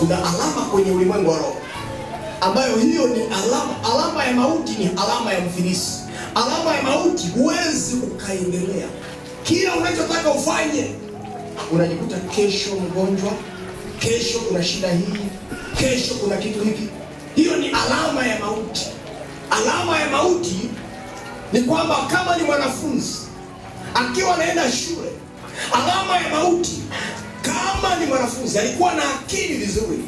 kuna alama kwenye ulimwengu wa roho ambayo hiyo ni alama. Alama ya mauti ni alama ya mfilisi. Alama ya mauti huwezi ukaendelea. Kila unachotaka ufanye, unajikuta kesho mgonjwa, kesho kuna shida hii, kesho kuna kitu hiki. Hiyo ni alama ya mauti. Alama ya mauti ni kwamba kama ni mwanafunzi akiwa anaenda shule, alama ya mauti kama ni mwanafunzi alikuwa na akili vizuri,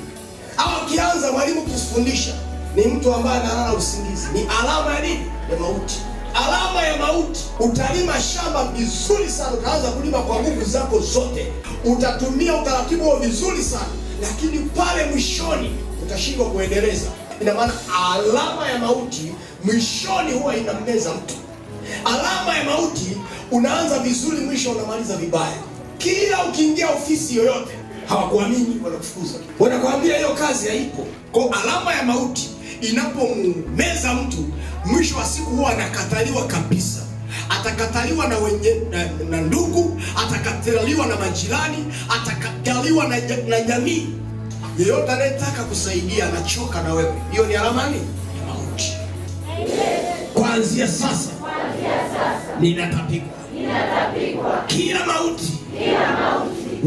au akianza mwalimu kufundisha ni mtu ambaye analala usingizi, ni alama ya nini? Ya mauti. Alama ya mauti. Utalima shamba vizuri sana, utaanza kulima kwa nguvu zako zote, utatumia utaratibu huo vizuri sana, lakini pale mwishoni utashindwa kuendeleza. Ina maana alama ya mauti mwishoni huwa inammeza mtu. Alama ya mauti, unaanza vizuri, mwisho unamaliza vibaya. Kila ukiingia ofisi yoyote hawakuamini, wanakufukuza, wanakuambia hiyo kazi haipo. Kwa alama ya mauti inapomumeza mtu, mwisho wa siku huwa anakataliwa kabisa. Atakataliwa na wenye na, na ndugu, atakataliwa na majirani, atakataliwa na, na jamii. Yeyote anayetaka kusaidia anachoka na wewe. Hiyo ni alama ni ya mauti. Kuanzia sasa, sasa, ninatapikwa, ninatapikwa kila mauti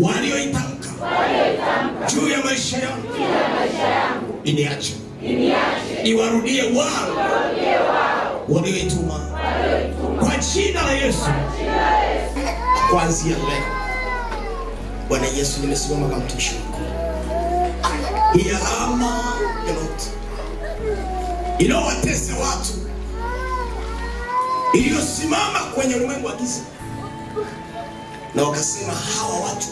walioitamka juu ya maisha yangu iniache, iwarudie wao walioituma kwa jina la Yesu. Kuanzia leo, Bwana Yesu, nimesimama kama mtumishi wako. Hii alama ya mauti watu, iliyosimama kwenye ulimwengu wa giza na wakasema hawa watu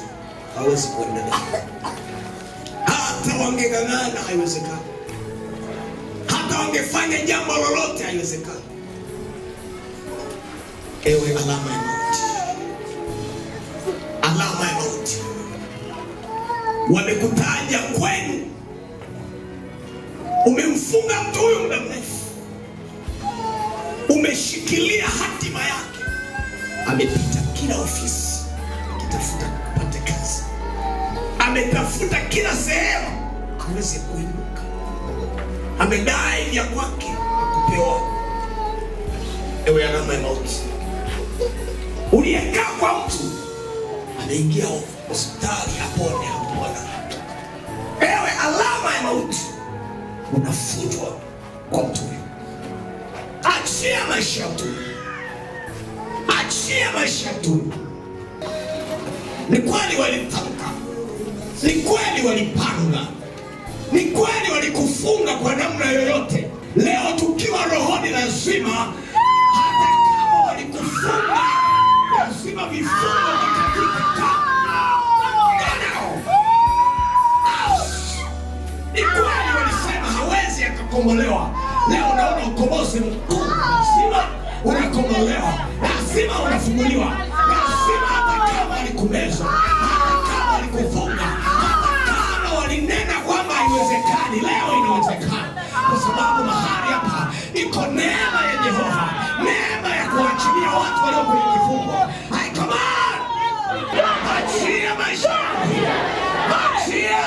hawezi kuendelea, hata wangeng'ang'ana haiwezekani, hata wangefanya jambo lolote haiwezekani. Ewe alama ya mauti, alama ya mauti, wamekutaja kwenu, umemfunga mtu huyu muda mrefu, umeshikilia hatima yake, amepita kila ofisi ametafuta kila sehemu aweze kuinuka. Amedai vya kwake akupewa. Ewe alama ya mauti, uliyekaa kwa mtu anaingia hospitali apone, apona. Ewe alama ya mauti, unafutwa kwa mtu. Achia maisha tu, achia maisha tu. Ni kweli walimta ni kweli walipanga, ni kweli walikufunga kwa namna yoyote. Leo tukiwa rohoni, lazima hata kama walikufunga, lazima vifungo vikatika. Ni kweli walisema hawezi akakombolewa. Leo naona ukombozi mkuu, lazima unakombolewa, lazima unafunguliwa, lazima hata kama alikumeza, hata kama alikufunga haiwezekani, leo inawezekana kwa sababu mahali hapa iko neema ya Jehova, neema ya kuachilia watu walio kwenye kifungo. Achia maisha, achia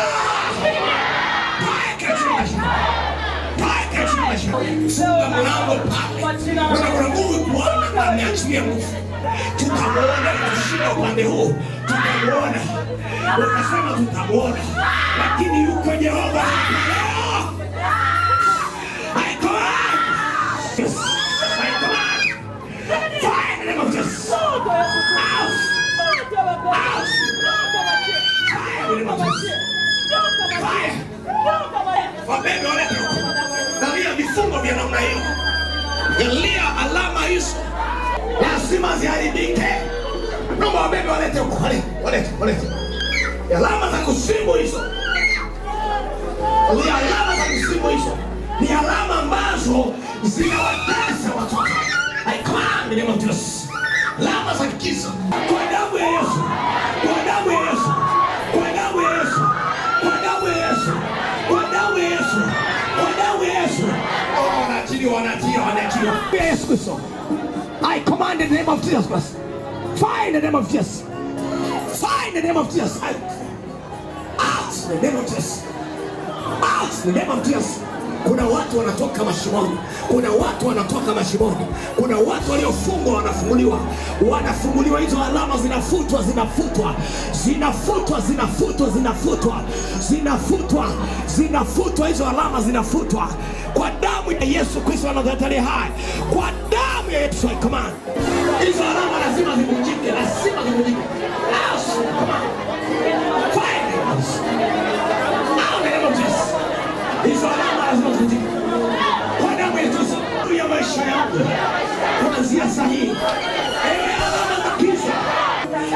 funga mlango pale, kuna Mungu kuona eu nguvu, tutamwona kushinda upande huu, tutamwona ukasema, tutamwona lakini yuko Jehova alama ziharibike. Naomba wabebe walete huko, walete, walete alama za kusimu hizo. Alama za kusimu hizo ni alama ambazo zinawatesa watoto. I command the name of Jesus. Alama za kiza kwa damu ya Yesu, kwa damu ya Yesu, kwa damu ya Yesu, kwa damu ya Yesu, kwa damu ya Yesu, kwa damu ya Yesu. Oh, wanachilia, wanachilia, wanachilia Yesu Kristo command in the name of Jesus Christ. Fire in the name of Jesus. Fire in the name of Jesus. Out. in the name of Jesus. Out in the name of Jesus. Kuna watu wanatoka mashimoni, kuna watu wanatoka mashimoni, kuna watu waliofungwa wanafunguliwa, wanafunguliwa. Hizo alama zinafutwa, zinafutwa, zinafutwa, zinafutwa, zinafutwa, zinafutwa, zinafutwa, hizo alama zinafutwa kwa damu ya Yesu Kristo wa Nazareti hai, kwa damu damu ya Yesu haikomani. Hizo alama lazima zivunjike, lazima zivunjike. Hizo alama lazima zivunjike kwa damu ya Yesu juu ya maisha yangu kuanzia sahihi. Ewe alama za giza,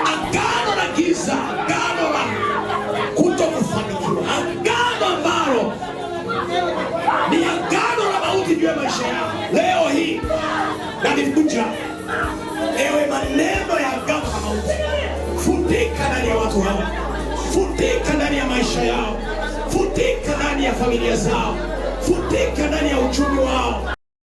agano la giza, agano la watu hawa, futika ndani ya maisha yao, futika ndani ya familia zao, futika ndani ya uchumi wao.